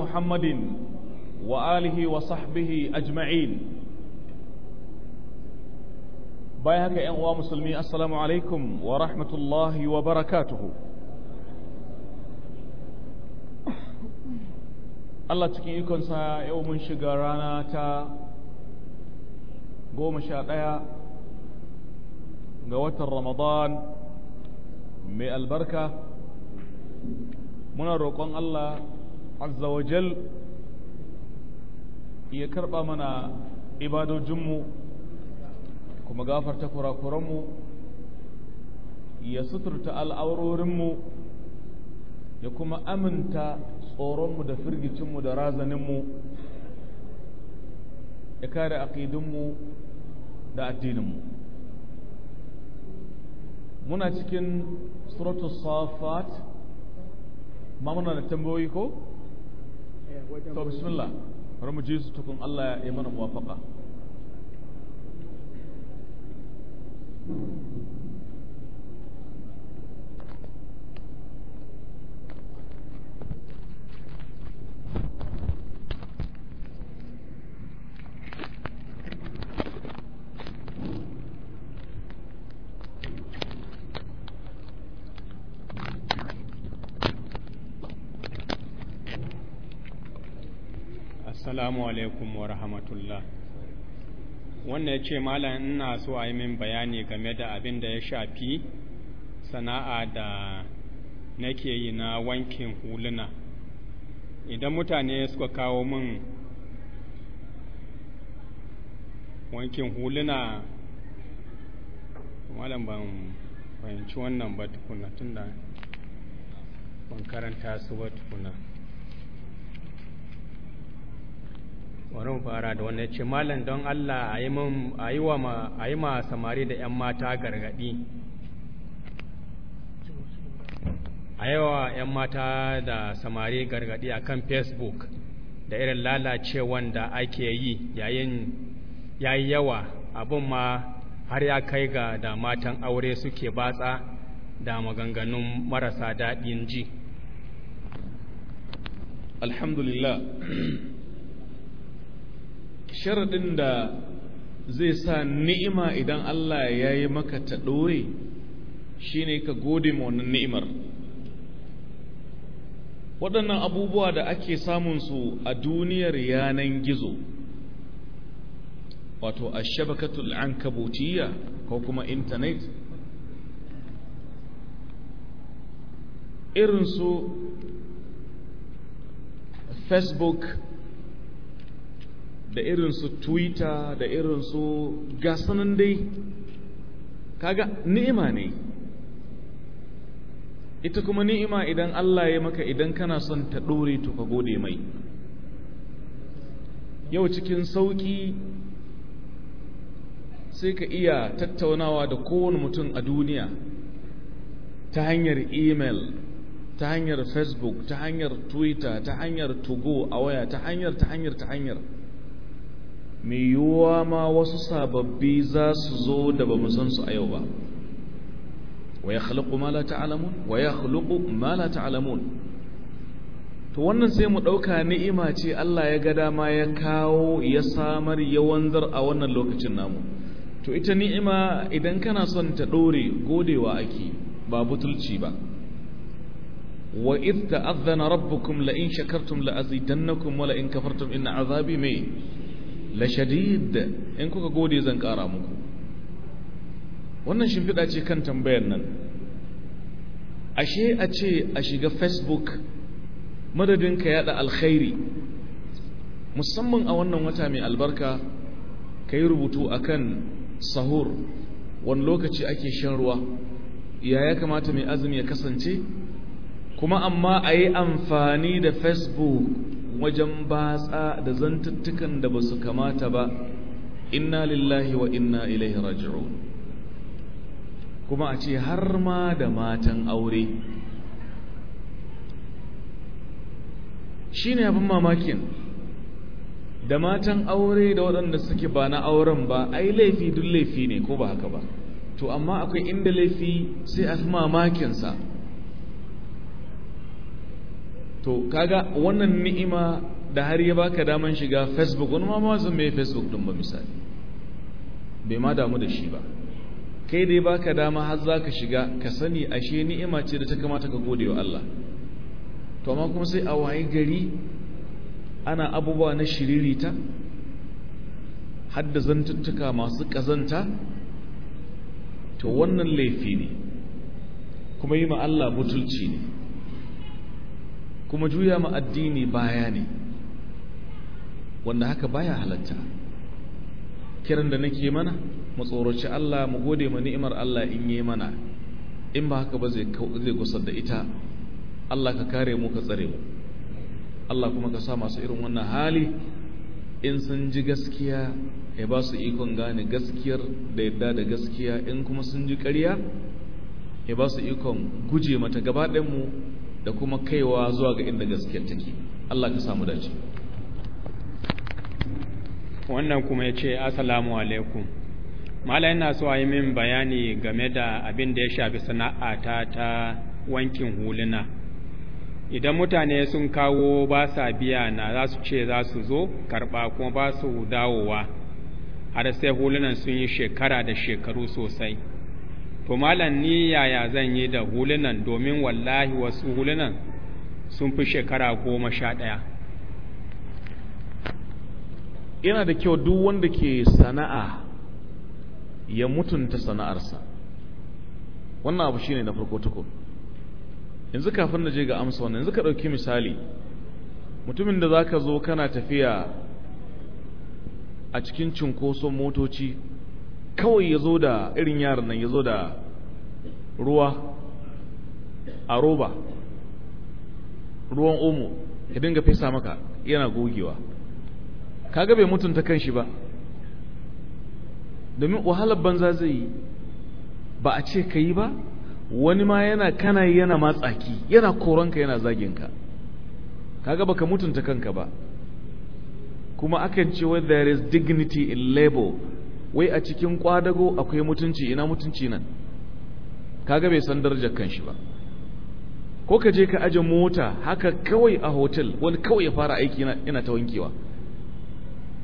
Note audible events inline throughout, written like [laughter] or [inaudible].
محمد وآله وصحبه أجمعين بايهك musulmi. مسلمين السلام عليكم ورحمة الله وبركاته Allah cikin ikonsa yau mun shiga rana ta goma sha ɗaya ga watan Ramadan mai albarka muna Allah azza wa jal ya karɓa mana ibadojinmu kuma gafarta kurakuranmu ya suturta al'aurorinmu ya kuma aminta tsoronmu da firgicinmu da razaninmu ya kare aƙidinmu da addininmu muna cikin suratul safat ma muna da tambayoyi ko? to bismillah bari mu ji su tukun Allah ya mana muwafaka assalamu alaikum wa rahmatullah wannan ya ce malam ina so a yi min bayani game da abin da ya shafi sana'a da nake yi na wankin huluna idan mutane suka kawo min wankin huluna malam ban fahimci wannan ba tukuna tunda ban karanta su ba tukuna Wani fara da wani ce malam don Allah a yi ma samari da 'yan mata gargaɗi a yawa 'yan mata da samari gargaɗi a kan facebook da irin lalacewan da ake yi yayin yayi yawa abin ma har ya kai ga da matan aure suke batsa da maganganun marasa daɗin ji alhamdulillah sharaɗin da zai sa ni'ima idan Allah ya yi maka ta ɗore shi ne ka gode ma wannan ni'imar waɗannan abubuwa da ake samunsu a duniyar yanan gizo wato a shabakatul an kabutiya ko kuma intanet irinsu facebook da irin su twitter da irin su gasanin dai kaga ni'ima ne ita kuma ni'ima idan Allah ya maka idan kana son ta dore to ka gode mai yau cikin sauki sai ka iya tattaunawa da kowane mutum a duniya ta hanyar email ta hanyar facebook ta hanyar twitter ta hanyar togo a waya ta hanyar ta hanyar ta hanyar mai yiwuwa ma wasu sababbi za su zo da ba san su a yau ba wa ya khalaƙu ma la wa ya khalaƙu ma la to wannan sai mu ɗauka ni'ima ce Allah ya ga dama ya kawo ya samar ya wanzar a wannan lokacin namu to ita ni'ima idan kana son ta ɗore godewa ake ba butulci ba wa idh ta'adhana rabbukum la in shakartum la azidannakum wa la in kafartum inna azabi mai la shadid in kuka gode zan ƙara muku wannan shimfiɗa ce kan tambayar nan ashe a ce a shiga facebook madadin ka yada alkhairi musamman a wannan wata mai albarka ka rubutu akan sahur wani lokaci ake shan ruwa ya ya kamata mai azumi ya kasance kuma amma a yi amfani da facebook wajen batsa da zantuttukan da ba su kamata ba inna lillahi wa inna ilaihi raji'un kuma a ce har ma da matan aure shine abin mamakin da matan aure da waɗanda suke ba na auren ba ai laifi duk laifi ne ko ba haka ba to amma akwai inda laifi sai a mamakinsa to kaga wannan ni'ima da har ya baka daman shiga facebook wani ma zan mai facebook din ba misali bai ma damu da shi ba kai da ya baka dama har za ka shiga ka sani ashe ni'ima ce da ta kamata ka gode wa Allah to amma kuma sai a waye gari ana abubuwa na shiririta hadda zantuttuka masu kazanta to wannan laifi ne kuma yi ma Allah butulci ne kuma juya ma addini baya ne wanda haka baya halatta kiran da nake mana mu tsoroci Allah mu gode ma ni'imar Allah in yi mana in ba haka ba zai gusar da ita Allah ka kare mu ka tsare mu Allah kuma ka sa masu irin wannan hali in sun ji gaskiya ya ba su ikon gane gaskiyar da yadda da gaskiya in kuma sun ji ƙarya ya ba su ikon guje mata gaba mu da kuma kaiwa zuwa ga inda gaskiyar take Allah ka samu dace wannan kuma ya ce assalamu alaikum mala ina so a yi min bayani game da abin da ya shafi sana'ata ta wankin huluna idan mutane sun kawo ba sa biya na za su ce za su zo karɓa kuma ba su dawowa har sai hulunan sun yi shekara da shekaru sosai to malam ni yaya zan yi da hulunan domin wallahi wasu hulunan sun fi shekara goma sha ɗaya yana da kyau duk wanda ke sana'a ya mutunta sana'arsa wannan abu shine na farko tukun yanzu kafin na je ga amsa wannan yanzu ka ɗauki misali mutumin da za ka zo kana tafiya a cikin cinkoson motoci kawai ya zo da irin yaran nan ya zo da ruwa a roba ruwan omo ya dinga fesa maka yana gogewa kaga bai mutunta kanshi ba domin wahalar banza zai yi ba a ce ka yi ba wani ma yana kana yana matsaki yana koronka yana zaginka kaga baka mutunta kanka ba kuma akan ce where there is dignity in labor wai a cikin kwadago akwai mutunci ina mutunci nan kaga bai san darajar kanshi ba ko ka je ka aje mota haka kawai a hotel wani kawai ya fara aiki ina ta wankewa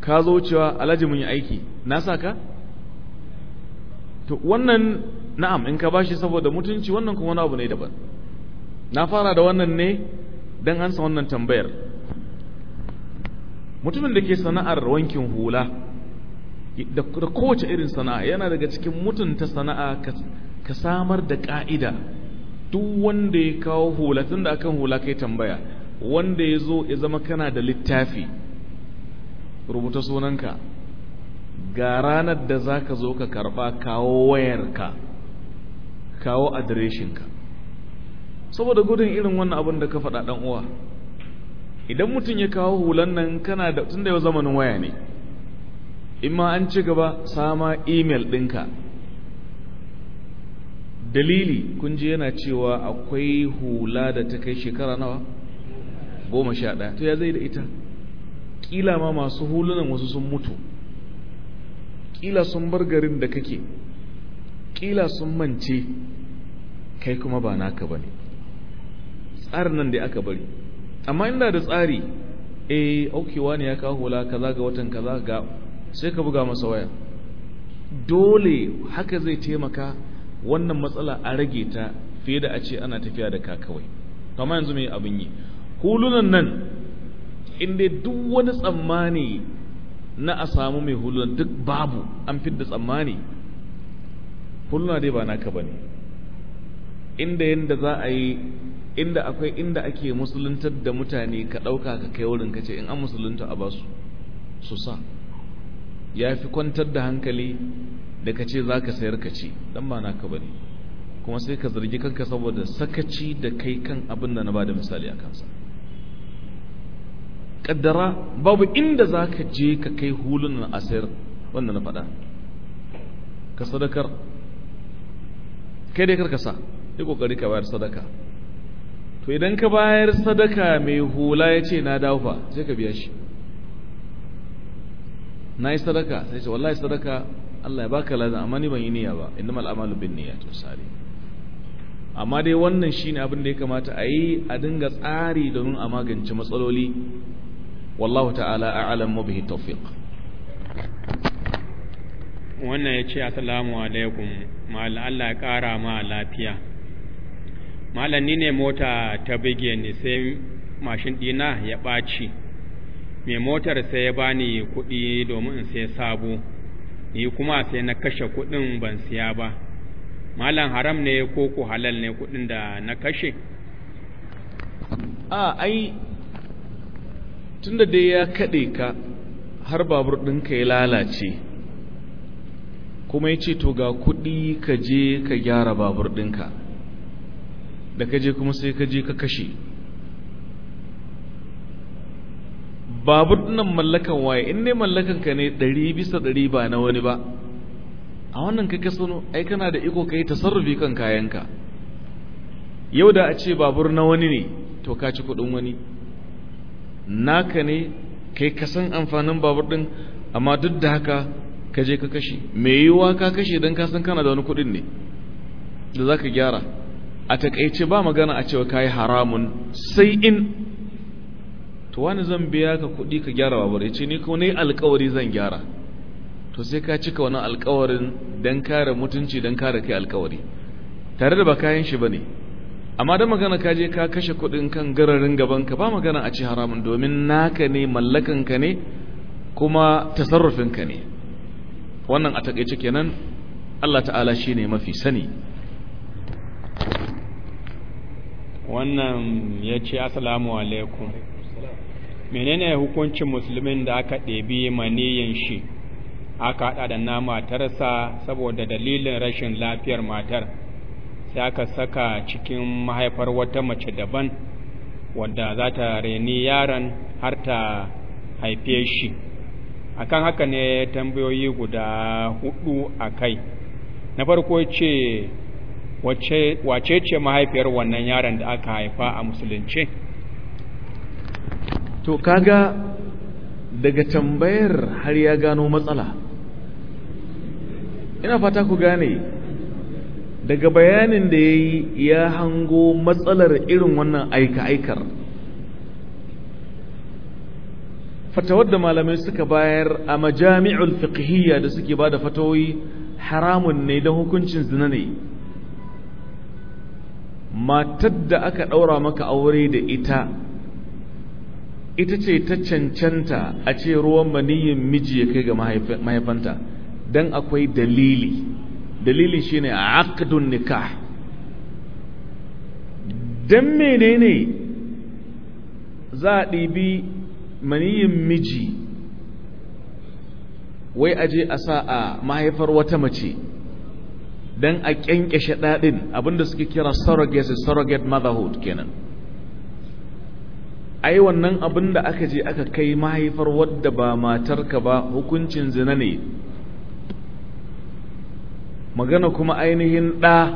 ka zo cewa alhaji mun yi aiki na sa ka to wannan na'am in ka bashi saboda mutunci wannan kuma wani abu ne daban na fara da wannan ne don ansa wannan tambayar mutumin da ke sana'ar wankin hula da kowace irin sana'a yana daga cikin mutunta sana'a ka samar da ka'ida duk wanda ya kawo hula tun da akan hula kai tambaya wanda ya zo ya zama kana da littafi rubuta sunanka ga ranar da za ka zo ka karba kawo wayarka kawo adireshinka saboda gudun irin wannan abin da ka faɗa ɗan uwa idan mutum ya kawo hulan nan kana da tun da yau zamanin waya ne in ma an ci gaba sama email ɗinka dalili kun ji yana cewa akwai hula da ta kai shekara nawa goma sha ɗaya to ya zai da ita ƙila ma masu hulunan wasu sun mutu ƙila sun bar garin da kake ƙila sun mance kai kuma ba naka ba ne tsarin nan da aka bari amma inda da tsari eh aukewa ne ya kawo hula kaza ga watan kaza ga sai ka buga masa waya dole haka zai taimaka wannan matsala a rage ta fiye da a ce ana tafiya da ka kawai kama yanzu mai abin yi hulunan nan inda duk wani tsammani na a samu mai hulunan duk babu an fi da tsammani hulunan dai ba naka ne inda yadda za a yi inda akwai inda ake musuluntar da mutane ka ɗauka ka kai wurin ka ce in an musulunta a basu su sa ya fi kwantar da hankali da ka ce za ka sayar ka ci dan ba naka bane kuma sai ka zargi kanka saboda sakaci da kai kan abin da na ba da misali a kansa kaddara babu inda za ka je ka kai hulunan sayar wanda na faɗa ka sadakar kai dai sa, yi ƙoƙari ka bayar sadaka to idan ka bayar sadaka mai hula ya ce na dawo fa sai ka biya shi na yi sadaka sai ce wallahi sadaka Allah ya baka lazan amma ni ban yi niyya ba innamal amalu bin niyyat misali amma dai wannan shine abin da ya kamata a yi a dinga tsari domin a magance matsaloli wallahu ta'ala a'lam mu bihi tawfiq wannan ya ce assalamu alaikum mal Allah ya kara ma lafiya mallan ni ne mota ta bige ni sai mashin dina ya ɓaci mai motar sai ya bani kuɗi domin in sai sabo ni kuma sai na kashe kuɗin ban siya ba malam haram ne ko ku halal ne kuɗin da na kashe a ai tunda dai ya kaɗe ka har babur ɗinka ya lalace kuma ya ce to ga kuɗi ka je ka gyara babur ɗinka da ka kuma sai ka je ka kashe babur nan mallakan waye in ne mallakan ka ne ɗari bisa ɗari ba na wani ba a wannan ka kasano ai kana da iko ka yi tasarrufi kan kayanka yau da a ce babur na wani ne to ka ci kuɗin wani naka ne kai ka san amfanin babur ɗin amma duk da haka ka je ka kashe me yiwuwa ka kashe don ka san kana da wani kuɗin ne da za ka gyara a takaice ba magana a cewa ka yi haramun sai in to wani zan biya ka kuɗi ka gyara babur ya ce ni ko ni alkawari zan gyara to sai ka cika wani alkawarin don kare mutunci don kare kai alkawari tare da ba kayan shi ba ne amma da magana ka je ka kashe kuɗin kan gararin gaban ka ba magana a ci haramun domin naka ne mallakan ka ne kuma tasarrufin ka ne wannan a takaice kenan Allah ta'ala shine mafi sani wannan ya ce assalamu alaikum menene hukuncin musulmin da aka ɗebi maniyin shi aka haɗa da na matarsa saboda dalilin rashin lafiyar matar sai aka saka cikin mahaifar wata mace daban wadda za ta reni yaron har ta haife shi akan haka ne tambayoyi guda hudu a kai na farko ce wace ce mahaifiyar wannan yaron da aka haifa a musulunci to kaga daga tambayar har ya gano matsala ina fata ku gane daga bayanin da ya yi ya hango matsalar irin wannan aika-aikar fatawar da malamai suka bayar a majami'ul fiqhiyya da suke ba da fatawoyi haramun ne don hukuncin zina ne matar da aka ɗaura maka aure da ita ita ce ta cancanta a ce ruwan maniyin miji ya kai ga mahaifanta don akwai dalili dalili shine akadun nikah don menene za a ɗibi maniyin miji wai a je a sa a mahaifar wata mace don a ƙyanƙyashe ɗaɗin abinda suke kira surrogate surrogate motherhood kenan ai wannan abin da aka je aka kai mahaifar wadda ba matarka ba hukuncin zina ne magana kuma ainihin ɗa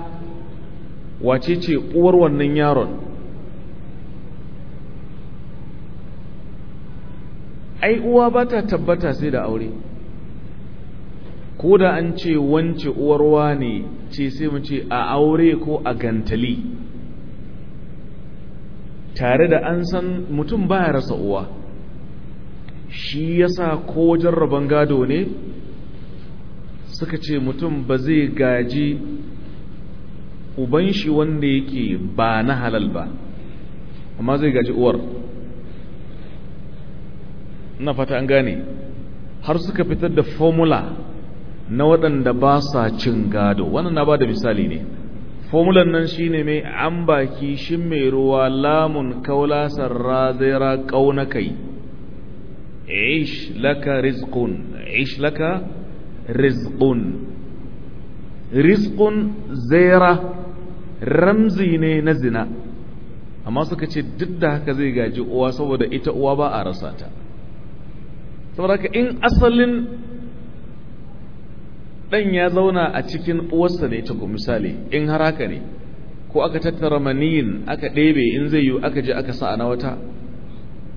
wace ce uwar wannan yaron ai uwa ba ta tabbata sai da aure ko da an ce wance uwarwa ne ce sai mu ce a aure ko a gantali tare da an san mutum ba ya rasa uwa shi yasa ko wajen gado ne suka ce mutum ba zai gaji uban shi wanda yake ba na halal ba amma zai gaji uwar na fata an gane har suka fitar da formula na waɗanda ba sa cin gado wannan na ba da misali ne fomulan nan shine mai an baki shin mai ruwa lamun kaula sarra zaira kauna kai ish laka rizqun ish laka rizqun rizqun ramzi ne na zina amma suka ce duk da haka zai gaji uwa saboda ita uwa ba a rasa ta saboda haka in asalin dan ya zauna a cikin uwarsa ne ta misali in har haka ne ko aka tattara maniyin aka ɗebe in zai yiwu aka je aka sa na wata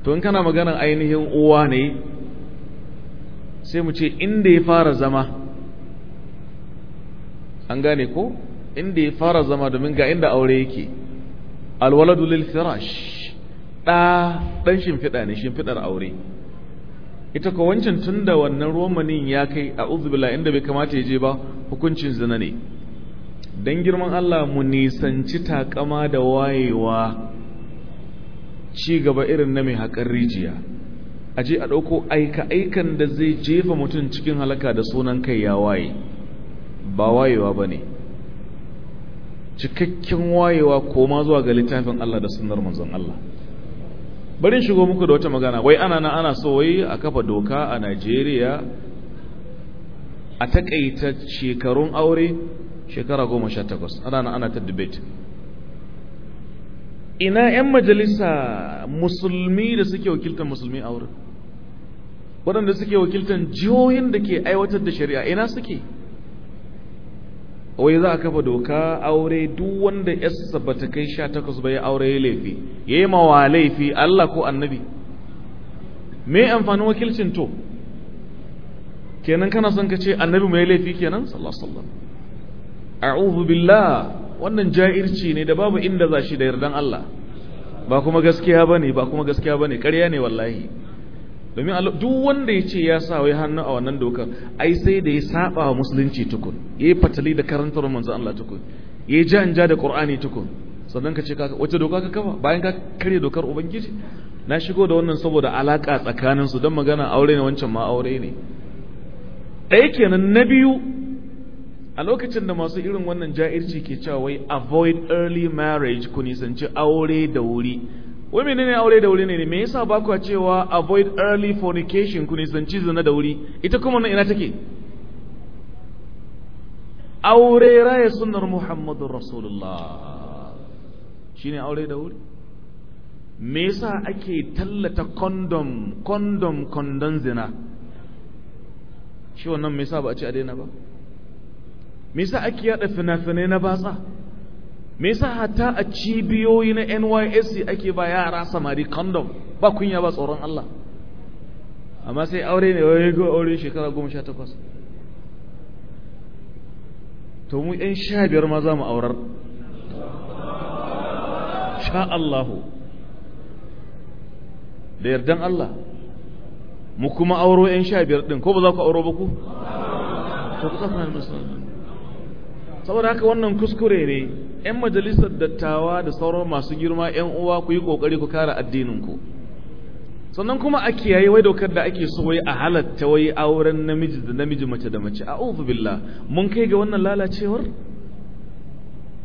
to in kana maganar ainihin uwa ne sai mu ce inda ya fara zama an gane ko inda ya fara zama domin ga inda aure yake alwaladu lil firash ɗa ɗan shimfiɗa ne shimfiɗar aure ita ko wancan tun da wannan romanin ya kai a uzubila inda bai kamata ya je ba hukuncin zina ne don girman Allah mu nisanci takama da wayewa ci gaba irin na mai haƙar rijiya a je a ɗauko aika-aikan da zai jefa mutum cikin halaka da sunan kai ya waye ba wayewa ba ne cikakken wayewa koma zuwa ga littafin Allah da sunar manzon Allah barin shigo muku da wata magana wai ana nan ana so wai a kafa doka a Najeriya a takaita shekarun aure shekara goma sha takwas ana na ana ta debate ina 'yan majalisa musulmi da suke wakiltar musulmi aure, waɗanda suke wakiltar jihohin da ke aiwatar da shari'a ina suke wai za a kafa doka aure duk wanda yassa ba ta kai sha takwas ba ya aure ya laifi ya yi mawa laifi Allah ko annabi me amfanin wakilcin to kenan kana son ka ce annabi mai laifi kenan sallallahu alaihi a'udhu billah wannan ja'irci ne da babu inda za shi da yardan Allah ba kuma gaskiya bane ba kuma gaskiya bane ƙarya ne wallahi domin duk wanda ya ce ya sa wai hannu a wannan dokar ai sai da ya saba wa musulunci tukun ya yi fatali da karantar manzo Allah tukun ya yi janja da qur'ani tukun sannan ka ce ka wace doka ka kafa bayan ka karya dokar ubangiji na shigo da wannan saboda alaka tsakanin su don magana aure ne wancan ma aure ne ɗaya kenan na biyu a lokacin da masu irin wannan ja'irci ke cewa wai avoid early marriage ku nisanci aure da wuri wai menene aure da wuri ne me yasa ba ku cewa avoid early fornication ku nisanci zina da wuri ita kuma nan ina take aure raya sunnar muhammadun rasulullah shine aure da wuri me yasa ake tallata condom condom condon zina shi wannan me yasa ba a ce a daina ba me yasa ake yada fina-finai na batsa me yasa hatta a cibiyoyi na NYSC ake ba yara samari condom ba kunya ba tsoron Allah amma sai aure ne wai ga aure shekara 18 to mu ɗan sha biyar ma za mu aurar sha Allahu da yardan Allah mu kuma auro ɗan sha biyar ɗin ko ba za ku auro ba ku? to ku tsafa saboda haka wannan kuskure ne 'yan majalisar dattawa da sauran masu girma 'yan uwa ku yi ƙoƙari ku kare addininku sannan kuma a kiyaye wai dokar da ake so wai a halatta wai auren namiji da namiji mace da mace a billah mun kai ga wannan lalacewar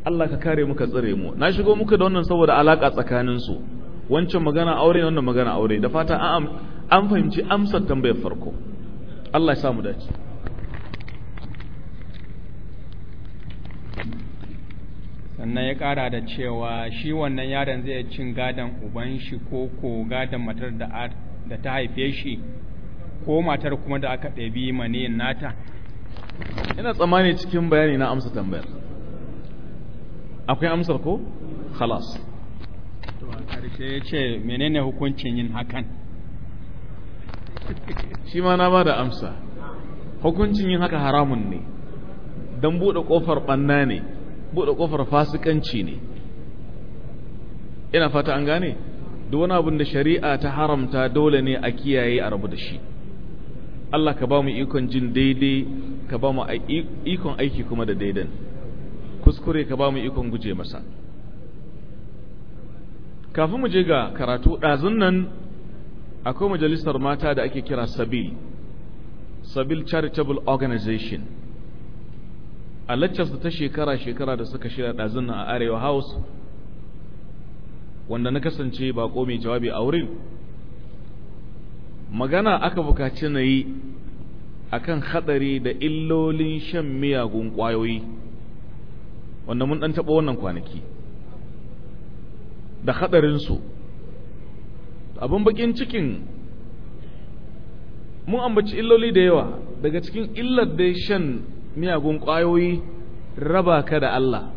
Allah ka kare muka tsare mu na shigo muka da wannan saboda alaka tsakanin su wancan magana aure wannan magana aure da fata an fahimci amsar tambayar farko Allah ya samu dace sannan ya ƙara da cewa shi wannan yaron zai cin gadon uban shi ko ko gadon matar da ta haife shi ko matar kuma da aka ɗabi maniyin nata ina tsammani cikin bayani na amsa tambayar akwai amsar ko khalas to a ya ce menene hukuncin yin hakan [laughs] shi ma na ba da amsa hukuncin yin haka haramun ne don buɗe ƙofar ɓanna ne buɗe ƙofar fasikanci ne ina fata an gane duk wani abin da shari'a ta haramta dole ne a kiyaye a rabu da shi Allah ka ba mu ikon jin daidai ka ba mu ikon aiki kuma da daidan kuskure ka ba mu ikon guje masa kafin mu je ga karatu ɗazun nan akwai majalisar mata da ake kira sabil sabil charitable organization a da ta shekara-shekara da suka shirya ɗazin na a arewa house wanda na kasance baƙo mai jawabi a wurin magana aka bukaci na yi akan haɗari da illolin shan miyagun ƙwayoyi wanda mun ɗan taɓa wannan kwanaki da haɗarinsu abin bakin cikin mun ambaci illoli da yawa daga cikin illar da shan miyagun ƙwayoyi raba ka da Allah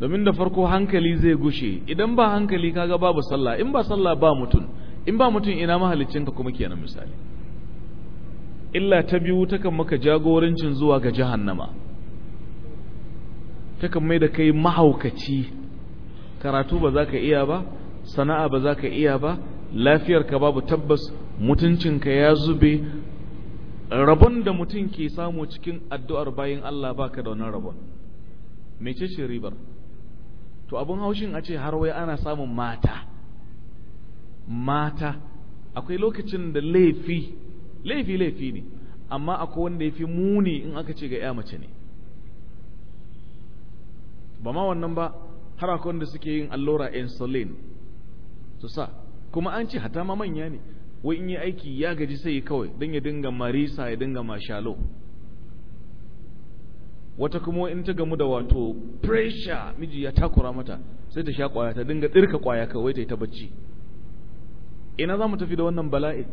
domin da farko hankali zai gushe idan ba hankali kaga babu sallah in ba sallah ba mutum in ba mutum ina mahaliccinka kuma kenan misali illa ta biyu takan maka jagorancin zuwa ga jahannama takan mai da kai mahaukaci karatu ba za ka iya ba sana'a ba za ka iya ba lafiyarka babu tabbas mutuncinka ya zube rabon da mutum ke samu cikin addu'ar bayan Allah baka da wannan rabon mece ce ribar to abin haushin a ce har wai ana samun mata mata akwai lokacin da laifi laifi laifi ne amma akwai wanda ya fi muni in aka ce ga ya mace ne ba ma wannan ba har akwai wanda suke yin allura insulin su sa kuma an ce hata ma manya ne wai in yi aiki ya gaji sai kawai don ya dinga marisa ya dinga mashalo wata kuma in ta gamu da wato pressure miji ya takura mata sai ta sha kwaya ta dinga tsirka kwaya kawai ta yi ta bacci ina za mu tafi da wannan bala'i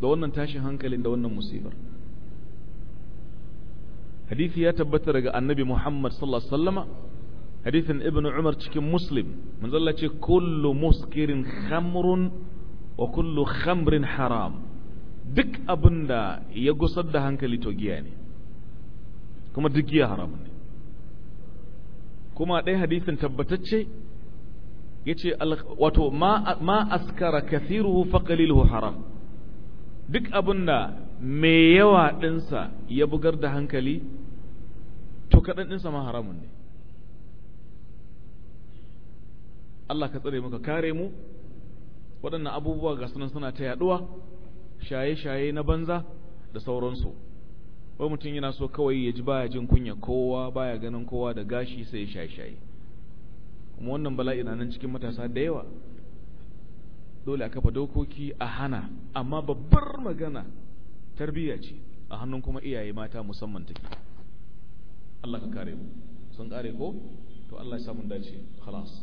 da wannan tashin hankalin da wannan musibar hadithi ya tabbata daga annabi muhammad sallallahu alaihi wasallama hadithin ibnu umar cikin muslim manzo Allah ce kullu muskirin khamrun wa kullu khamrin haram duk abin da ya gusar da hankali to giya ne kuma duk giya haram ne kuma ɗaya hadisin tabbatacce ya wato ma askara kathiruhu faqaliluhu haram duk abin da mai yawa ɗinsa ya bugar da hankali to kaɗan ɗinsa ma haramun ne Allah ka tsare muka kare mu waɗannan abubuwa ga sunan suna ta yaɗuwa shaye-shaye na banza da sauransu wai mutum yana so kawai ya ji baya jin kunya kowa baya ganin kowa da gashi sai ya shaye-shaye kuma wannan bala'i na nan cikin matasa da yawa dole a kafa dokoki a hana amma babbar magana tarbiyya ce a hannun kuma iyaye mata musamman take Allah ka kare mu sun kare ko to Allah ya samu dace khalas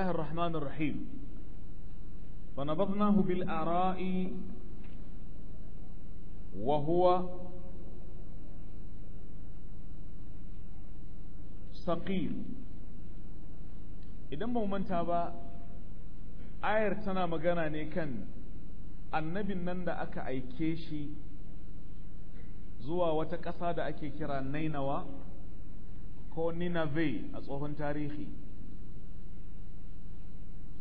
الله الرحمن الرحيم فنبضناه بالآراء وهو سقيم إذا ما تابا آير تنا مغانا نيكن النبي نندا أكا أي كيشي زوا وتكسادا أكي كرا نينوا كو ننافي أصوهن تاريخي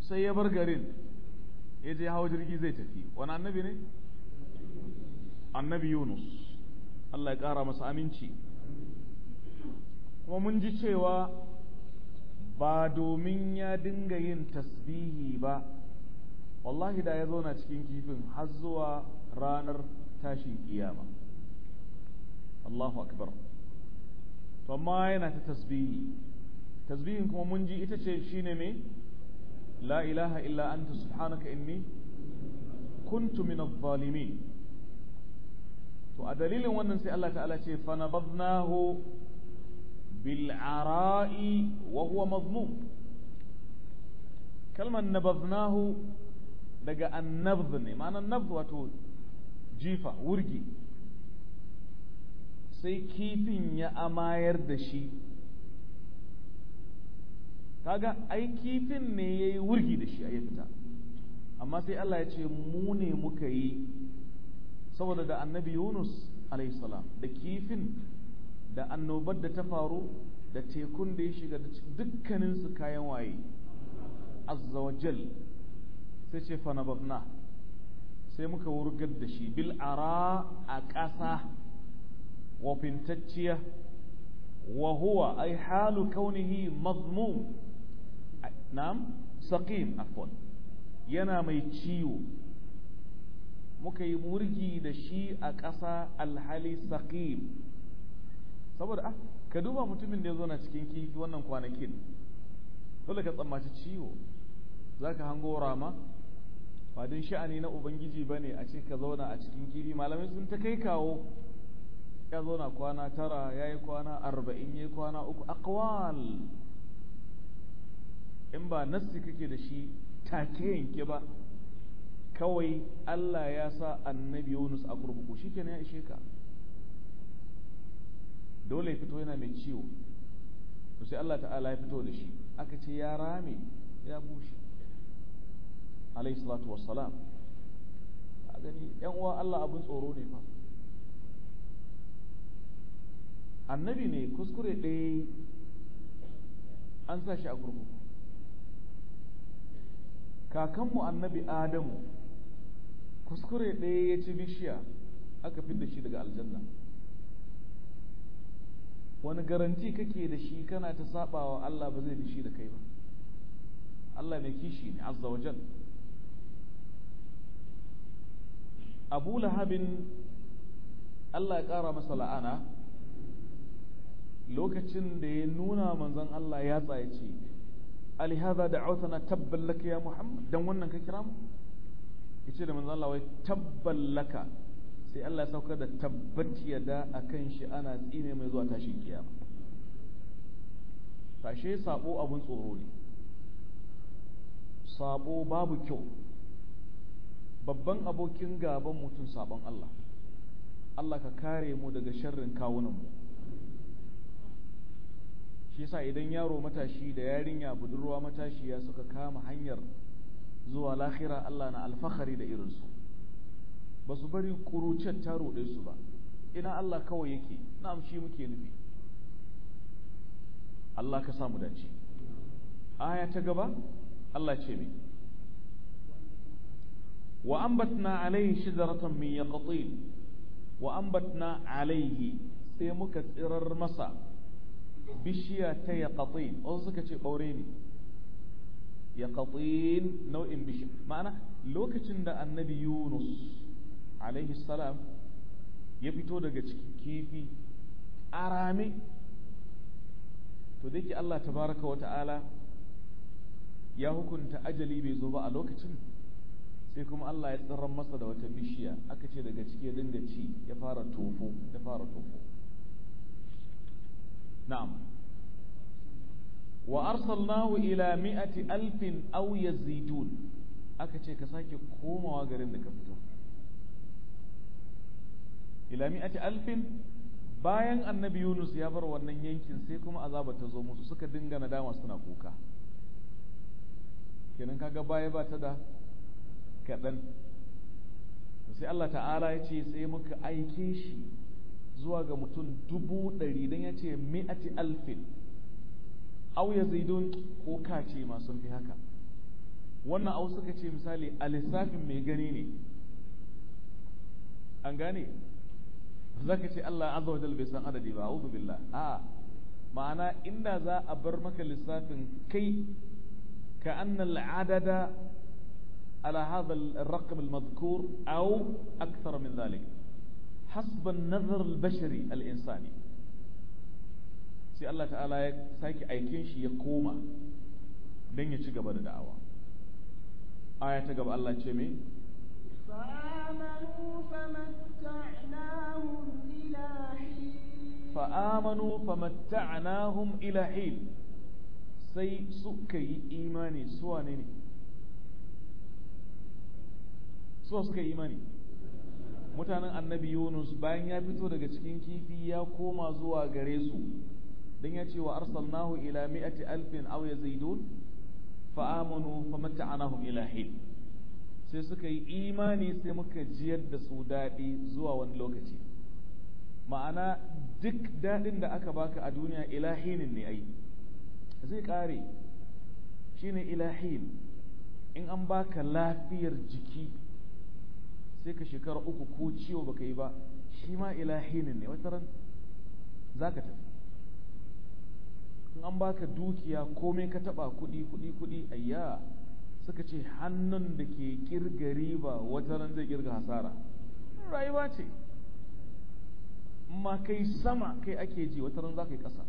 sai ya bar garin ya je hawa jirgi zai tafi wani annabi ne annabi yunus allah ya ƙara masa aminci kuma mun ji cewa ba domin ya dinga yin tasbihi ba wallahi da ya zauna cikin kifin har zuwa ranar tashin kiyama allahu akbar to amma yana ta tasbihi tasbihin kuma mun ji ita ce shine me لا إله إلا أنت سبحانك إني كنت من الظالمين فأدليل وننسى الله تعالى فنبضناه بالعراء وهو مظلوم كلمة نبضناه لقى النبض معنى النبض واتو جيفة ورقي سيكيتين يا أماير دشي kaga ai kifin ne ya yi wurgi da shi a ya fita amma sai Allah ya ce mu ne muka yi saboda da annabi yunus salam da kifin da annobar da ta faru da tekun da ya shiga dukkanin dukkaninsu kayan waye azzawajal sai ce fanababna sai muka wurgar da shi bil'ara a ƙasa wafintacciya wa huwa ai halu kaunihi mazmum Nam saqim afwan yana mai ciwo muka yi murgi da shi a ƙasa alhali saqim saboda ah ka duba mutumin da ya zauna cikin kifi wannan kwanakin dole ka tsammaci ciwo zaka hango rama ba din sha'ani na ubangiji ba ne a ce ka zauna a cikin kifi malamai sun ta kai kawo ya zauna kwana tara ya yi kwana arba'in ya yi kwana uku akwal in ba nassi kake da shi take yanke ba kawai Allah ya sa annabi Yunus a kurkuku shikenan ya ishe ka dole ya fito yana mai ciwo to sai Allah ta'ala ya fito da shi aka ce ya rame ya bushe alayhi salatu wassalam a gani yan uwa Allah abin tsoro ne fa annabi ne kuskure ɗaya an sa shi a kurkuku kakanmu annabi adamu kuskure ɗaya ya ci bishiya aka fi da shi daga aljanna wani garanti kake da shi kana ta sabawa Allah ba zai shi da kai ba Allah mai kishi ne azza wajen Abu Lahabin Allah ya ƙara masa la'ana lokacin da ya nuna manzon Allah ya tsaye ce alihada da autana tabballaka ya muhammad don wannan ka kira mu yace da manzo Allah wai tabballaka sai Allah ya saukar da tabbat yada akan shi ana tsine mai zuwa tashin kiyama tashe sabo abun tsoro ne sabo babu kyau babban abokin gaban mutum sabon Allah Allah ka kare mu daga sharrin kawunan mu shi yasa idan yaro matashi da yarinya budurwa matashiya suka kama hanyar zuwa lahira Allah na alfahari da irinsu ba su bari ƙuruciyar ta ruɗe su ba ina Allah kawai yake na amshi muke nufi Allah ka samu dace aya ta gaba Allah ce mai wa ambatna alaihi shijaratan min yaqtin wa ambatna alaihi sai muka tsirar masa bishiya ta yaqatin wasu suka ce ɓaure ne yaqatin nau'in bishiya ma'ana lokacin da annabi yunus alaihi salam ya fito daga cikin kifi arame to da yake Allah tabaraka wa ta'ala ya hukunta ajali bai zo ba a lokacin sai kuma Allah ya tsirran masa da wata bishiya aka ce daga ciki ya dinga ci ya fara tofo ya fara tofo na'am wa arsalnahu ila او alfin aw aka ka sake komawa garin da ka fito ila mi'ati alfin bayan annabi Yunus ya bar wannan yankin sai kuma azaba ta zo musu suka dinga nadama suna kuka kenan kaga baya ba ta da kaɗan sai Allah ta'ala ya ce sai muka aike shi zuwa ga mutum dubu ɗari don ya ce mi'ati alfin au ya zaidun ko kace ma sun fi haka wannan au suka ce misali a lissafin mai gani ne an gane za ce Allah azza wa bai san adadi ba a'udhu billah a ma'ana inda za a bar maka lissafin kai ka annal adada ala hadha al-raqam al-madhkur aw akthar min dhalik حسب النظر البشري الإنساني sai Allah ta'ala ya sake aikin shi ya koma don ya ci gaba da da'awa aya ta gaba Allah ce me fa'amanu famatta'nahum ila hil sai suka yi imani suka yi imani mutanen annabi yunus bayan ya fito daga cikin kifi ya koma zuwa gare su don ya ce wa arsalnahu ila mi'ati alfin aw yazidun fa amanu fa mata'anahum ila hin sai suka yi imani sai muka jiyar da su daɗi zuwa wani lokaci ma'ana duk daɗin da aka baka a duniya ilahinin ne ai zai ƙare shine ilahin in an baka lafiyar jiki sai ka shekara uku ko ciwo baka yi ba shi ma ilahinin ne wata ran za ka tafi an baka dukiya komai ka taba kudi kudi kudi ayya suka ce hannun da ke kirga riba wata ran zai kirga hasara rayuwa ce ma kai sama kai ake ji wata ran za ka yi ƙasa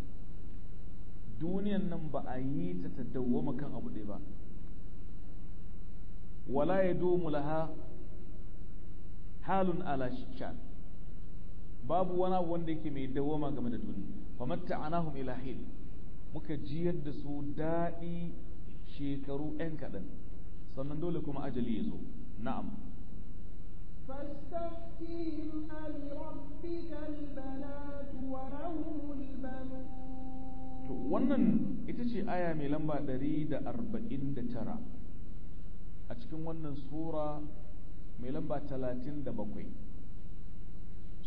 duniyan nan ba a yi ta ta dawwama kan abu ɗaya ba wala ya domula laha halun ala shan babu wani abu wanda yake mai dawoma game da duniya fa anahum ila hil muka jiyar da su daɗi shekaru ɗan kaɗan sannan dole kuma ajali ya zo na'am to wannan ita ce aya mai lamba 149 a cikin wannan sura mai lamba bakwai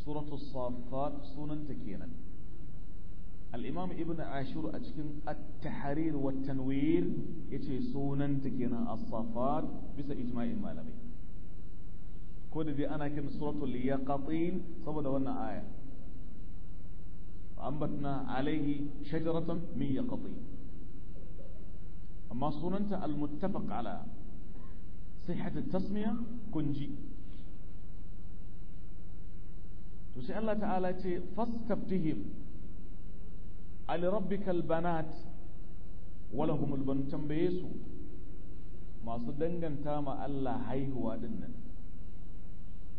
suratul safat sunanta kenan al-imam ibn ashur a cikin at-tahrir wa tanwir yace sunanta kenan as-safat bisa ijma'in malamai ko da dai ana kiran suratul yaqatin saboda wannan aya ambatna alaihi shajaratan min yaqatin amma sunanta al-muttafaq ala sihhatul tasmiya kun ji to sai Allah ta'ala ce fastaftihim ali rabbikal banat wala humul ban tambaye su masu danganta ma Allah haihuwa din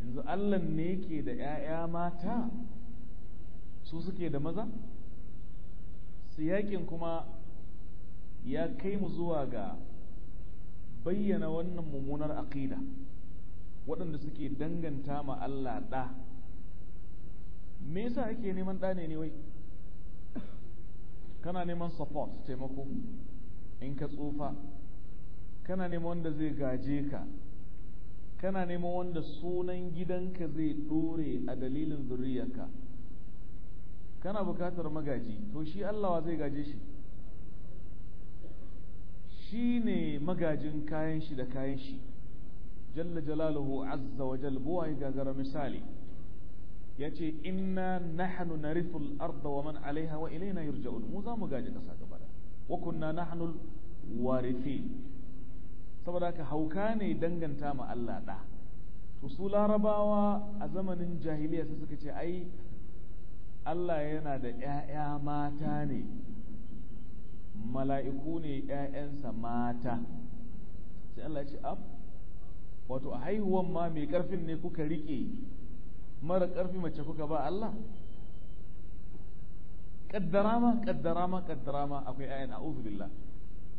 yanzu Allah ne ke da ‘ya'ya mata su suke da maza siyakin kuma ya kai mu zuwa ga bayyana wannan mummunar aqida waɗanda suke danganta ma Allah ɗa me yasa ake neman ɗa ne wai kana neman support taimako in ka tsufa kana neman wanda zai gaje ka kana neman wanda sunan gidanka zai ɗore a dalilin zuriyarka kana bukatar magaji to shi Allah wa zai gaje shi shi ne magajin kayan shi da kayan shi jalla jalaluhu azza wa jal buwa gagara misali ya ce inna nahnu narithul arda wa man alaiha wa ilaina yurja'un mu za mu gaji ƙasa gaba da wa kunna nahnu warithin saboda haka hauka ne danganta ma Allah da to su larabawa a zamanin jahiliya sai suka ce ai Allah yana da ƴaƴa mata ne mala'iku ne ‘ya'yansa mata sai Allah ce ab wato a haihuwan ma mai ƙarfin ne kuka riƙe mara ƙarfi mace kuka ba Allah ƙaddara ma ƙaddara ma ƙaddara ma akwai ‘ya'yan a billah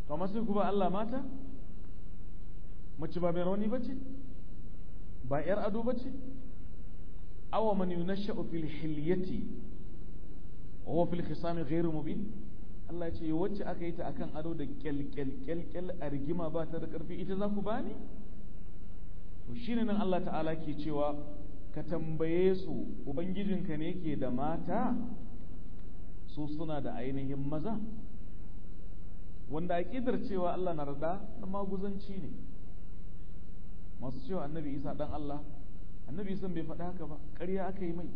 to amma sai ku ba Allah mata mace ba mai rauni ba ce ba ‘yar ado ba ce awa man yunasha'u fil hilyati wa fil khisami ghairu mubin Allah ce wacce aka yi ta akan ado da kyalkyalkyalkyal a rigima ba ta da ƙarfi ita za ku bani to shine nan Allah ta'ala ke cewa ka tambaye su ubangijinka ne ke da mata su suna da ainihin maza wanda aƙidar cewa Allah na rada na maguzanci ne masu cewa annabi isa dan Allah annabi isa bai faɗa haka ba ƙarya aka yi mai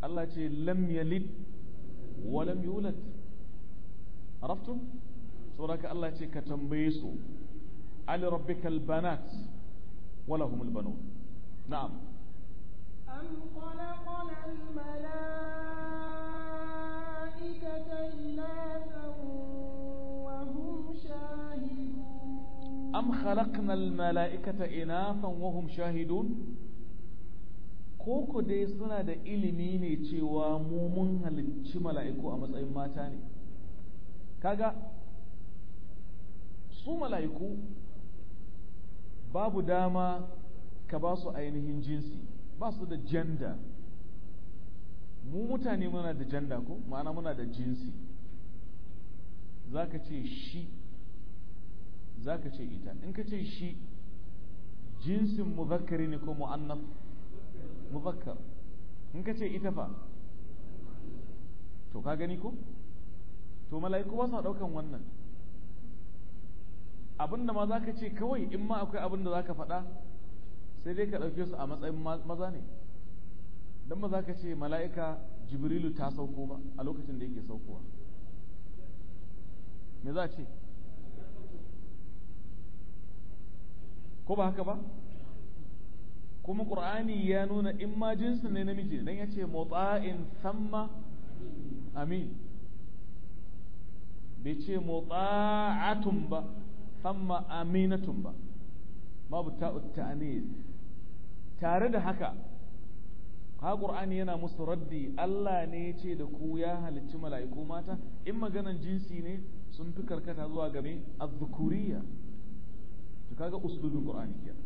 Allah ce lam yalid walam lam yulad عرفتم سورك الله يتي كتنبيس على ربك البنات ولهم البنون نعم أم خلقنا الملائكة إناثا وهم شاهدون أم خلقنا الملائكة إناثا وهم شاهدون koko dai suna da ilimi ne cewa mu mun halicci mala'iku a matsayin mata ne kaga su mala'iku babu dama ka ba su ainihin jinsi ba su da janda mu mutane muna da janda ko ma'ana muna da jinsi za ka ce shi za ka ce ita in ka ce shi jinsin muzakari ne ko mu'annaf muzakkar in ka ce ita fa to ka gani ko to mala'iku ba sa daukan wannan abinda ma za ka ce kawai in ma akwai abin da za ka faɗa sai dai ka ɗauke su a matsayin maza ne don ma za ka ce mala'ika jibrilu ta sauko ba a lokacin da yake saukowa me za a ce ko ba haka ba kuma ƙur'ani ya nuna in ma jinsin ne namiji don ya ce motsa'in samma amin bai ce muta'atun ba amma aminatun ba babu ta'ut ta'anis tare da haka ha qur'ani yana musu raddi Allah ne ya ce da ku ya halicci mala'iku mata in maganan jinsi ne sun fi karkata zuwa game zukuriyya to kaga usulul qur'ani kenan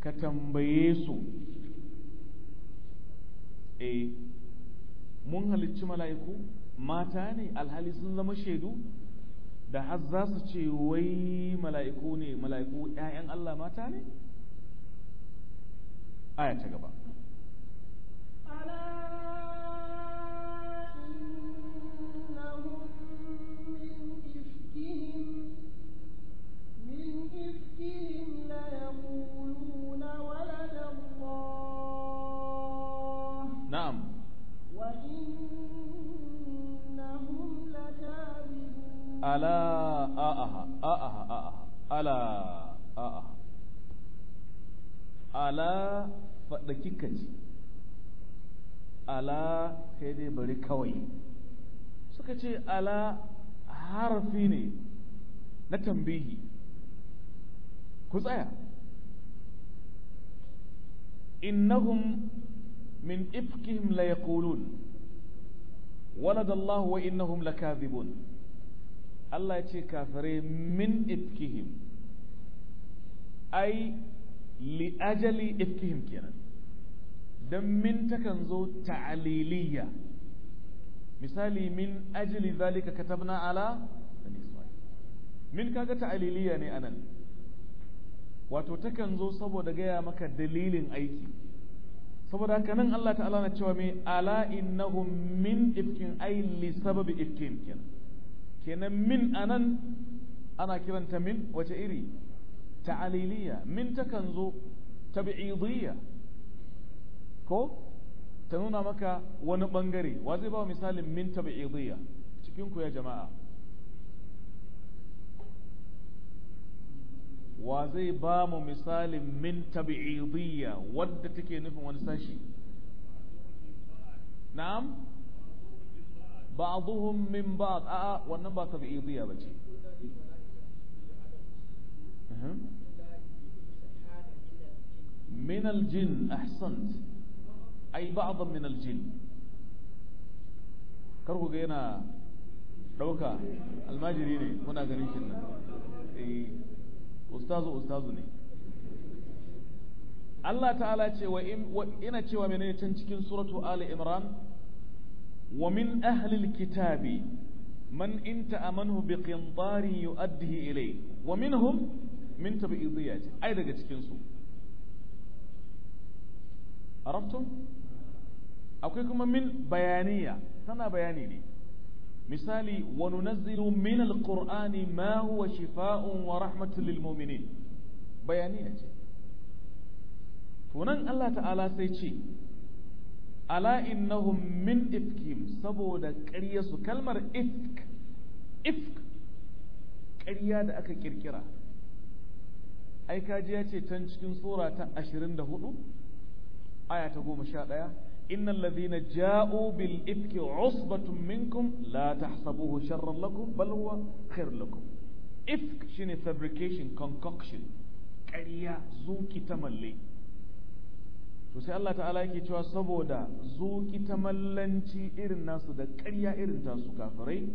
ka tambaye su eh mun halicci mala'iku mata ne alhali sun zama shaidu da har za su ce wai mala'iku ne mala'iku ‘ya'yan Allah mata ne? aya ta gaba. على آها آها آها ألا آها ألا faɗa kika ji ala kai dai bari kawai suka ce ala harafi ne na tambihi ku tsaya innahum min ifkihim la yaqulun ولد الله وإنهم لكاذبون Allah ya ce kafare min ifkihim ai li ajali ifkihim kenan don min takan zo ta'aliliya misali min ajali zalika katabna ala bani isra'il min kaga ta'aliliya ne anan wato takan zo saboda gaya maka dalilin aiki saboda haka nan Allah ta'ala na cewa mai ala innahum min ifkin ai li sababi ifkin kenan kenan min anan ana kiranta min wace iri ta'aliliya min takan zo tabi'idiyya ko ta nuna maka wani bangare wa zai ba misalin min tabi'idiyya cikin ku ya jama'a wa zai ba mu misalin min tabi'idiyya wadda take nufin wani sashi na'am ba'dhum min ba'd a'a wannan ba tabi'idiyya bace من الجن أحسنت أي بعضا من الجن كرهو جينا ɗauka almajiri ne muna ganin shi nan eh, ustazu ustazu ne Allah ta'ala ce ina cewa menene can cikin suratu Ali Imran ومن أهل الكتاب من إن تأمنه بقنطار يؤديه إليه ومنهم من تبعيضيات أي دقة كنسو عرفتم؟ أوكي من بيانية تنا بياني لي misali wani naziru min alkur'ani ma huwa shifa'un wa rahmatul lilmominin bayaniya ce Allah ta'ala sai ce ala innahum min ifkim saboda ƙarya su kalmar ifk ifk da aka ƙirƙira. ai kaji ya ce can cikin sura ta 24 aya ta 11 innal ladhina ja'u bil ifki usbatun minkum la tahsabuhu sharran lakum bal huwa khair ifk shine fabrication concoction ƙarya zuƙi ta malle to sai Allah ta'ala yake cewa saboda zuƙi ta mallanci irin nasu da ƙarya irin tasu kafirai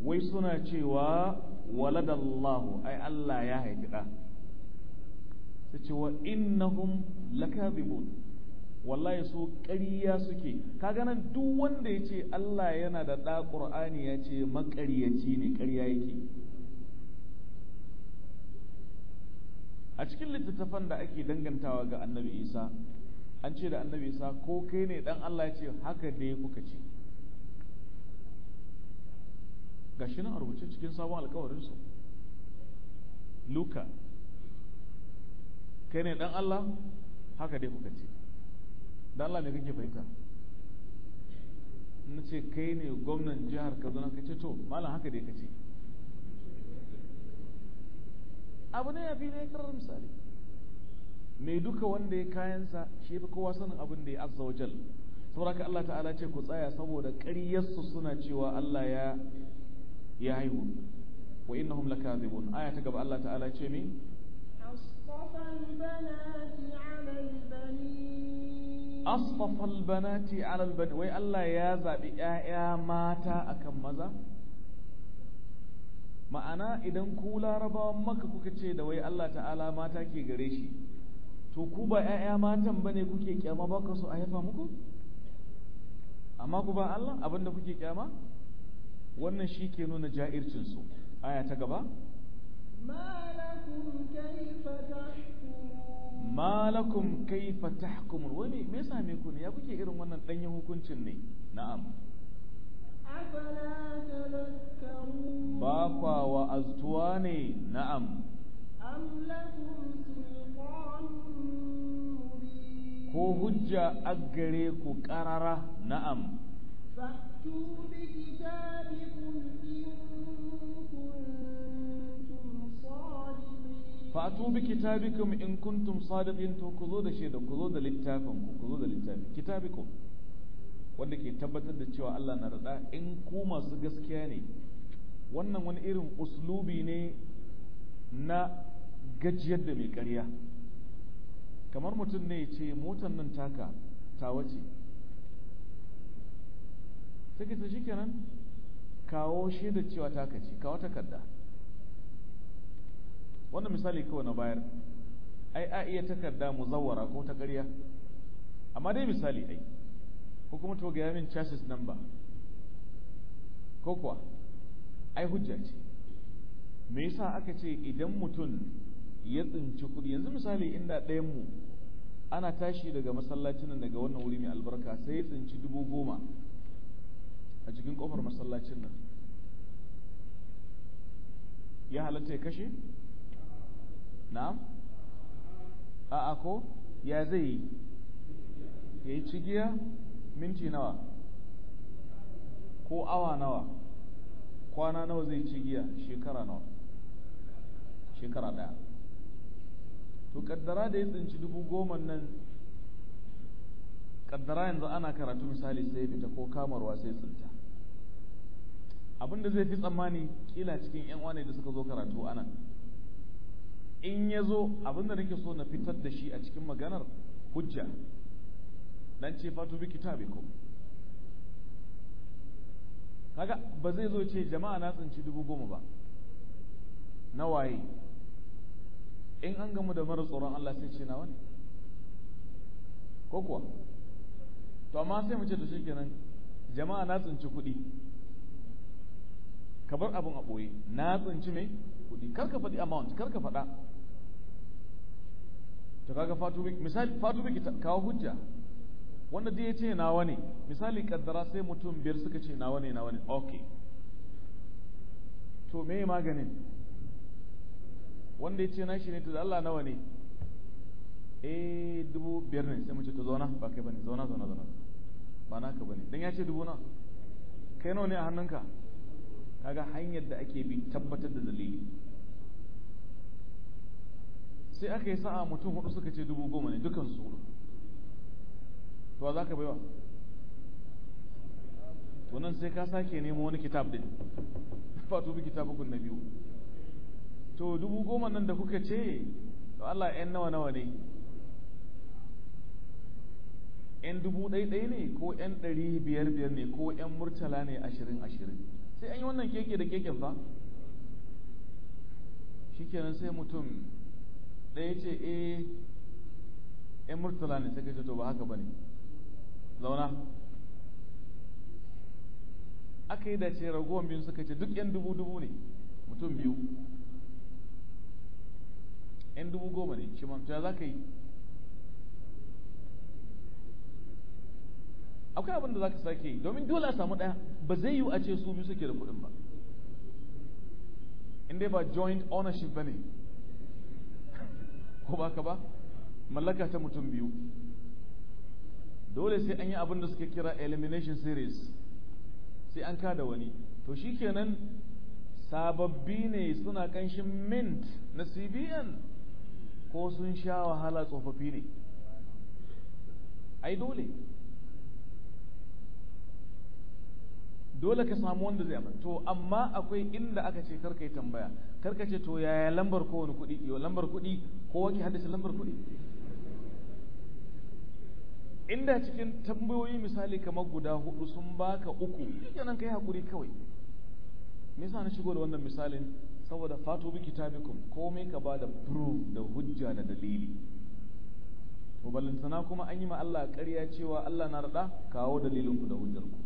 wai suna cewa waladallahu ai Allah ya haifi ɗa sai cewa innahum lakadibun wallahi su ƙarya suke kaga nan duk wanda ya ce Allah yana da ɗa ƙur'ani ya ce maƙaryaci ne ƙarya yake a cikin littattafan da ake dangantawa ga annabi isa an ce da annabi isa ko kai ne dan allah ya ce haka dai kuka ce ga shi nan a rubuce cikin sabon alkawarinsu luka kai ne dan allah haka dai kuka ce dan allah ne kake fahimta na ce kai ne gwamnan jihar kaduna ka ce to malam haka dai ka ce abu ne ya fi ne karar misali mai duka wanda ya kayansa shi fi kowa sanin abin da ya azza wajal saboda Allah ta'ala ce ku tsaya saboda ƙaryarsu suna cewa Allah ya ya haihu wa innahum lakadhibun aya ta gaba Allah ta'ala ce me asfafal banati ala albani wai Allah ya zabi ƴaƴa mata akan maza ma'ana idan ku larabawan maka kuka ce da wai Allah ta'ala mata ke gare shi to ku ba 'ya'ya matan bane kuke kyama ba ka so a haifa muku amma ku ba Allah abinda kuke kyama wannan shi ke nuna ja'ircinsu aya ta gaba malakum kaifa tahkumun wani me same ku ne ya kuke irin wannan danyen hukuncin ne na'am ba kwa wa aztuwa ne na'am ko hujja aggare ku karara na'am fatu bi kitabikum in kuntum sadiqin to ku zo da shi da ku zo da littafin ku ku zo da littafin kitabikum wanda ke tabbatar da cewa Allah na raɗa in ku masu gaskiya ne wannan wani irin uslubi ne na gajiyar da mai ƙarya kamar mutum ne ce motar nan taka ta wace sai ta shikenan kawo da cewa taka ce kawo takarda wannan misali kawai na bayar ai a iya takarda mu zawara ko ta ƙarya amma dai misali ai ko kuma to gaya min chassis number ko kuwa ai hujja ce me yasa aka ce idan mutum ya tsinci kuɗi yanzu misali inda ɗayan mu ana tashi daga masallacin nan daga wannan wuri mai albarka sai ya tsinci dubu goma a cikin kofar masallacin nan ya halatta ya kashe? na'am? a'a ko ya zai ya yi cigiya minti nawa ko awa nawa kwana nawa zai ci giya shekara nawa shekara daya to kaddara da ya tsinci dubu goma nan kaddara yanzu ana karatu misali sai fita ko kamarwa sai tsinta abinda zai fi tsammani kila cikin yan wane da suka zo karatu anan in ya zo abinda nake so na fitar da shi a cikin maganar hujja Nan ce fatu bi kitabikum kaga ba zai zo ce jama'a na tsinci dubu goma ba na waye in an gamu da mara tsoron Allah sai ce nawa ne ko kuwa to amma sai mu ce to shikenan jama'a na tsinci kuɗi ka bar abin a ɓoye na tsinci mai kuɗi kar ka faɗi amount kar ka faɗa to kaga fatu misali fatu kawo hujja wanda ya ce nawa ne misali kaddara sai mutum biyar suka ce nawa ne nawa ne ok to me maganin wanda ya ce na shi ne da Allah nawa ne eh dubu biyar ne sai mu ce to zauna ba kai bane zauna zauna zauna ba na ka bane dan ya ce dubu na kai nawa ne a hannunka kaga hanyar da ake bi tabbatar da dalili sai aka yi sa'a mutum hudu suka ce dubu goma ne dukansu hudu to za ka baiwa to nan sai ka sake nemo wani kitab din fatu [laughs] bi kitabukun na biyu to dubu goma nan da kuka ce to Allah yan nawa nawa ne yan dubu ɗai ɗai ne ko yan ɗari biyar biyar ne ko yan murtala ne ashirin ashirin sai an yi wannan keke da keken fa shikenan sai mutum ɗaya ce eh yan murtala ne sai ka ce to ba haka ba ne zauna aka yi dace ragowar biyu suka ce duk yan dubu dubu ne mutum biyu yan dubu goma ne shi mamta za ka yi akwai abin da za ka sake yi domin dole a samu ɗaya ba zai yiwu a ce su biyu suke da kuɗin ba in dai ba joint ownership ba ne ko ba ka ba mallaka ta mutum biyu dole sai an yi abin da suke kira elimination series sai an kada wani to shi shikenan sababbi ne suna kanshin mint na cbn ko sun sha wahala tsofaffi ne ai dole dole ka samu wanda zai to amma akwai inda aka ce karka yi tambaya karka ce to yaya lambar kowane kuɗi yau lambar kuɗi ko ke haddace lambar kuɗi inda cikin tambayoyi misali kamar guda hudu sun baka uku yanan kai hakuri kawai me yasa na shigo da wannan misalin saboda fatu bi kitabikum komai ka ba da proof da hujja da dalili muballantana kuma an yi ma Allah ƙarya cewa Allah na rada kawo dalilinku da hujjarku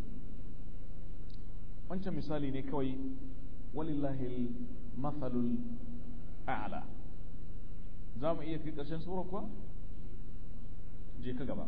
wancan misali ne kawai walillahi mathalul a'la za mu iya kai ƙarshen sura kuwa je ka gaba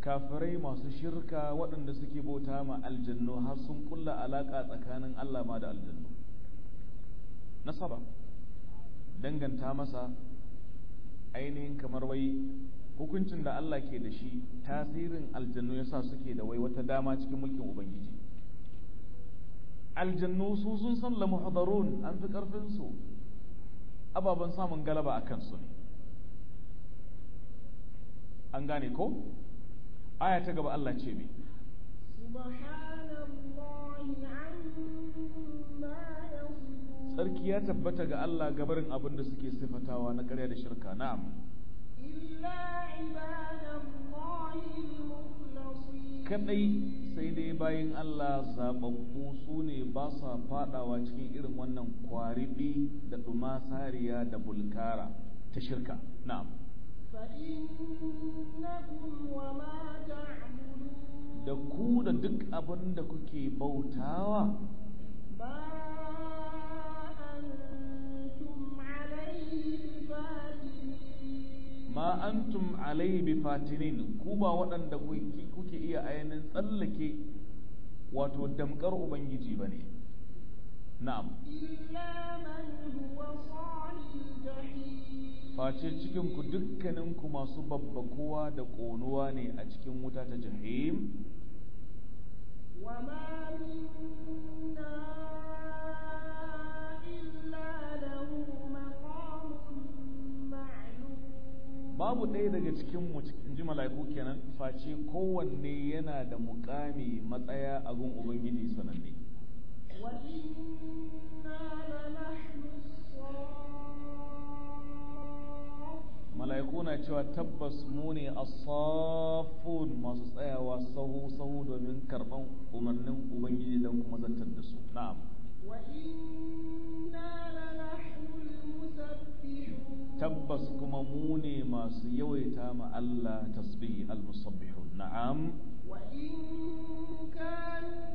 kafirai masu shirka waɗanda suke bauta ma aljannu har sun kulla alaƙa tsakanin Allah ma da aljannu nasaba danganta masa ainihin kamar wai hukuncin da Allah ke da shi tasirin aljannu ya sa suke da wai wata dama cikin mulkin ubangiji aljannu su sun san muhadarun an fi ƙarfinsu ababen samun galaba a kansu ne an gane ko aya ta gaba Allah ce mai tsarki ya tabbata ga Allah gabarin abin da suke sifatawa na ƙarya da shirka na'am kadai sai dai bayan Allah zaɓaɓɓu su ne ba sa faɗawa cikin irin wannan kwaribi da ɗumasariya da bulkara ta shirka na'am da ku da duk abin da kuke bautawa ma antum alaihi bi fatinin ku ba waɗanda kuke iya ainihin tsallake wato damkar ubangiji ba ne na'am face cikin ku dukkanin ku masu babbakuwa da ƙonuwa ne a cikin wuta ta jahim babu ɗaya daga cikin mu ji mala'iku kenan face kowanne yana da mukami matsaya a gun ubangiji sananne mala'iku na cewa tabbas mu ne a safun masu tsayawa sahu sahu domin karɓan umarnin ubangiji don kuma zantar da su na'am tabbas kuma mu ne masu yawaita ma Allah tasbihi al-musabbihun na'am wa in kanu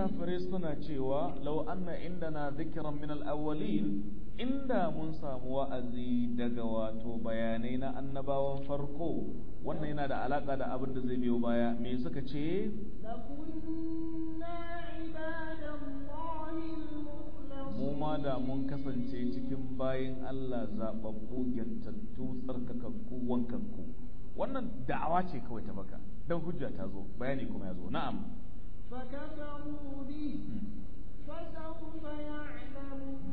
kafirai suna cewa lau inda na zikiran min al’awwalin inda mun samu wa'azi daga wato bayanai na annabawan farko wannan yana da alaƙa da abin da zai biyo baya me suka ce mu ma da mun kasance cikin bayan Allah zababbu yantattu tsarkakakku wannan da'awa ce kawai ta baka don hujja ta zo bayani kuma ya zo na'am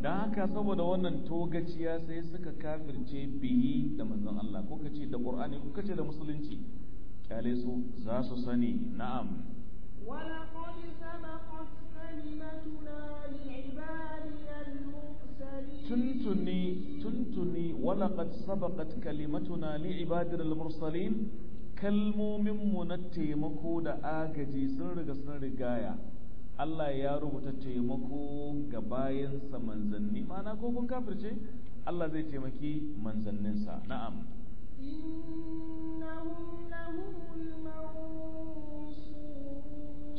da haka saboda wannan togaciya sai suka kafirce bihi da manzon Allah ko kace da Qur'ani ko kace da musulunci kyale su za su sani na'am ولقد سبقت كلمتنا لعبادنا المرسلين تنتني تنتني mursalin kalmominmu na taimako da agaji sun riga sun rigaya Allah ya rubuta taimako ga bayansa manzanni mana ko kun kafirce Allah zai taimaki manzanninsa na'am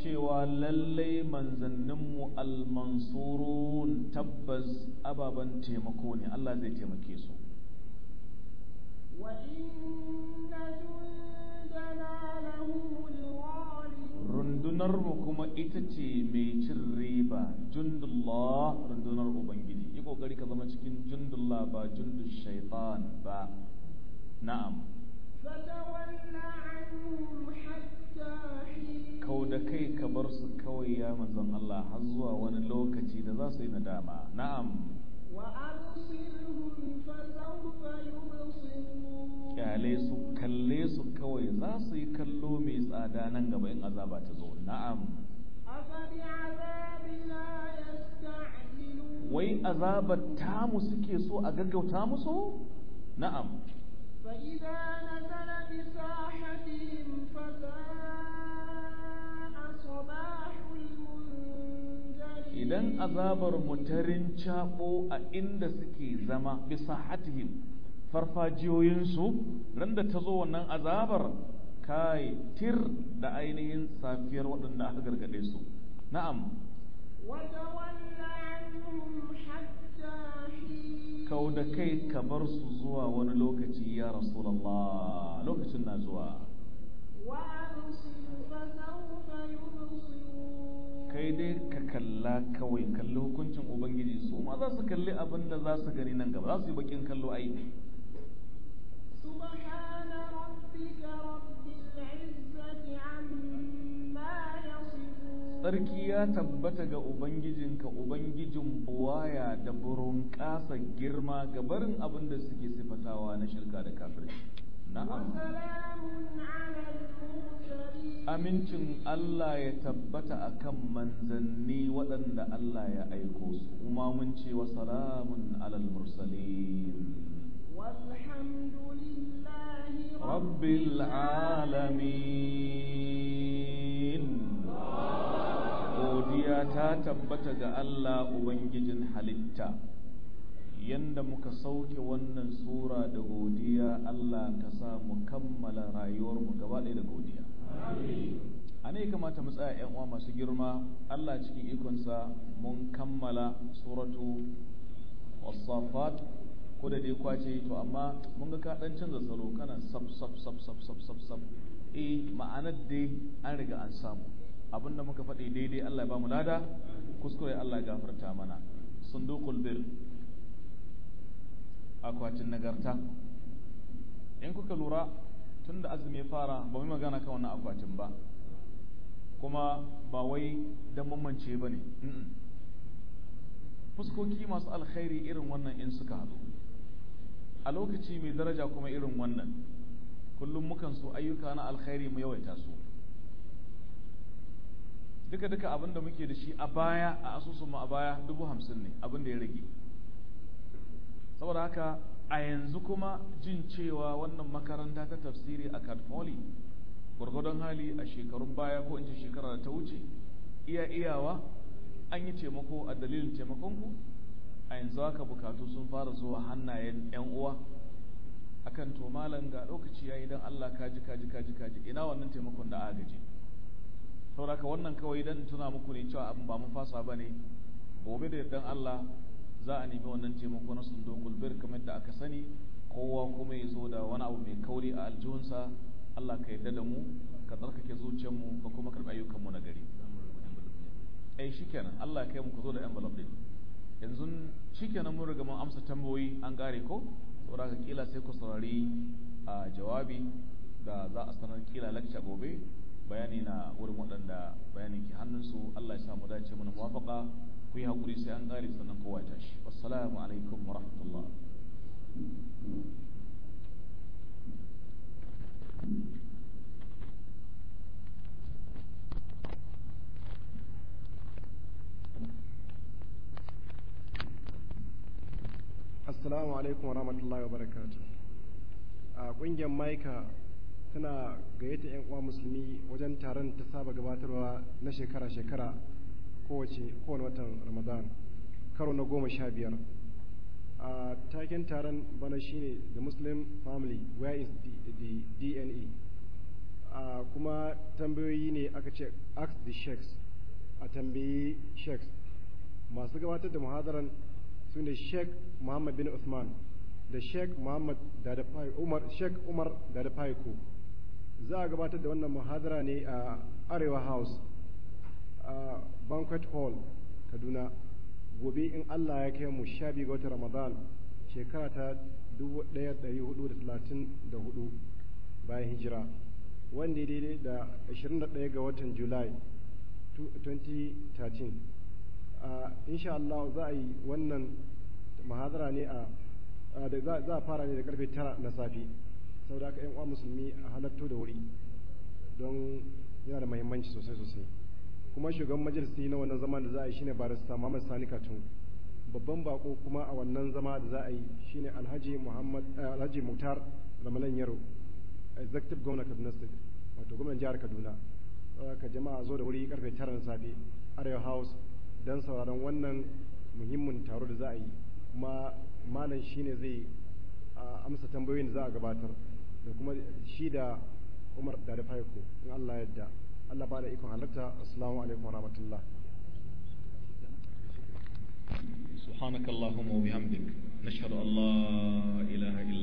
cewa lallai manzanninmu almansurun tabbas ababen taimako ne Allah zai taimake su wa'in rundunarmu kuma ita ce mai cin riba jundullah rundunar ubangiji yi kokari ka zama cikin jundullah ba jundul shaitan ba na'am kau da kai ka bar su kawai ya manzon Allah har zuwa wani lokaci da za su yi nadama na'am wa absirhum fa kyale su kalle su kawai za su yi kallo mai tsada nan gaba in azaba ta zo na'am wai azabar tamu suke so a gaggauta musu na'am Idan azabar بساحتهم فساء صباح المنذرين إذا أذابر مترن شابو أئند سكي farfajiyoyinsu ran da ta zo wannan azabar kai tir da ainihin safiyar waɗanda aka gargaɗe su na'am kau da kai ka bar su zuwa wani lokaci ya rasulallah lokacin na zuwa kai dai ka kalla kawai kalli hukuncin ubangiji su ma za su kalli abinda da za su gani nan gaba za su yi bakin kallo aiki Sarki ya tabbata ga Ubangijinka Ubangijin buwaya da burin ƙasa girma ga barin abin da suke sifatawa na shirka da kafirci. Na'am. Amincin Allah ya tabbata a kan manzanni waɗanda Allah ya aiko su, kuma mun ce wa salamun alal mursalin. رب العالمين godiya ta tabbata ga Allah Ubangijin halitta yanda muka sauke wannan sura da godiya Allah ka sa mu kammala rayuwarmu gaba ɗaya da godiya a ne kamata mu tsaya yan uwa masu girma Allah cikin ikonsa mun kammala suratu wasafat ko da dai kwace to amma mun ga ka dan canza salo kana sab sab sab sab sab sab sab eh ma'anar dai an riga an samu abinda muka faɗi daidai Allah ya ba mu lada kuskure Allah ya gafarta mana sundukul bir akwatin nagarta in kuka lura tun da azumi ya fara ba mu magana kan wannan akwatin ba kuma ba wai don mamance ba ne fuskoki masu alkhairi irin wannan in suka haɗu a lokaci mai daraja kuma irin wannan kullum mukan so ayyuka na alkhairi mu yawaita su duka duka abin da muke da shi a baya a asusunmu a baya dubu hamsin ne abin da ya rage saboda haka a yanzu kuma jin cewa wannan makaranta ta tafsiri a katfoli gwargwadon hali a shekarun baya ko ce shekara da ta wuce iya iyawa an yi taimako a dalilin taimakonku a yanzu haka bukatu sun fara zuwa hannayen yan uwa akan to malam ga lokaci yayi dan Allah kaji kaji kaji kaji ina wannan taimakon da agaji saboda wannan kawai dan tuna muku ne cewa abin ba mun fasa bane gobe da yardan Allah za a nemi wannan taimako na sundukul bir kamar da aka sani kowa kuma ya zo da wani abu mai kauri a aljihunsa Allah ka yarda da mu ka tsarkake zuciyarmu ka kuma karɓi ayyukanmu na gari ai eh, shikenan Allah ya kai mu zo da envelope din yanzu shikenan mun riga mun amsa tambayoyi an gare ko saboda ka kila sai ku saurari a jawabi da za a sanar kila lakca gobe bayani na wurin waɗanda bayanin ke hannunsu Allah ya samu dace mana muwafaka ku yi hakuri sai an gare sannan kowa ya tashi wassalamu alaikum wa rahmatullah assalamu alaikum wa rahmatullahi wa barakatu a ƙungiyar maika tana gayyata 'yan uwa musulmi wajen taron ta saba gabatarwa na shekara-shekara kowace kowane watan ramadan karo na goma sha biyar a taken taron bana shine the muslim family where is the, the dna e? a kuma tambayoyi ne aka ce ask the sheikhs a tambayi sheikhs masu gabatar da muhadaran su ne sheikh Muhammad bin Uthman da Sheikh Muhammad Dadafai Umar Sheikh Umar Dadafayo za a gabatar da wannan muhadara ne a Arewa House a Banquet Hall Kaduna gobe in Allah ya kai mu 12 ga watan Ramadan shekara ta 1434 bayan hijira wanda daidai da 21 ga watan Julai 2013 insha Allah za a yi wannan muhadara ne a za a fara ne da karfe tara na safe saboda aka yan uwa musulmi a halatto da wuri don yana da mahimmanci sosai sosai kuma shugaban majalisi na wannan zaman da za a yi shine barista Muhammad Sani Katun babban bako kuma a wannan zama da za a yi shine Alhaji Muhammad eh, Alhaji Muktar Ramalan Yaro executive governor Kaduna State wato gwamnan jihar Kaduna ka jama'a zo da wuri karfe 9 na safe Arewa House don sauraron wannan muhimmin taro da za a yi kuma malam ne zai amsa tambayoyin da za a gabatar da kuma shi da Umar da da Faiko in Allah yadda Allah ba da ikon halatta assalamu alaikum wa rahmatullah سبحانك اللهم وبحمدك نشهد ان لا اله الا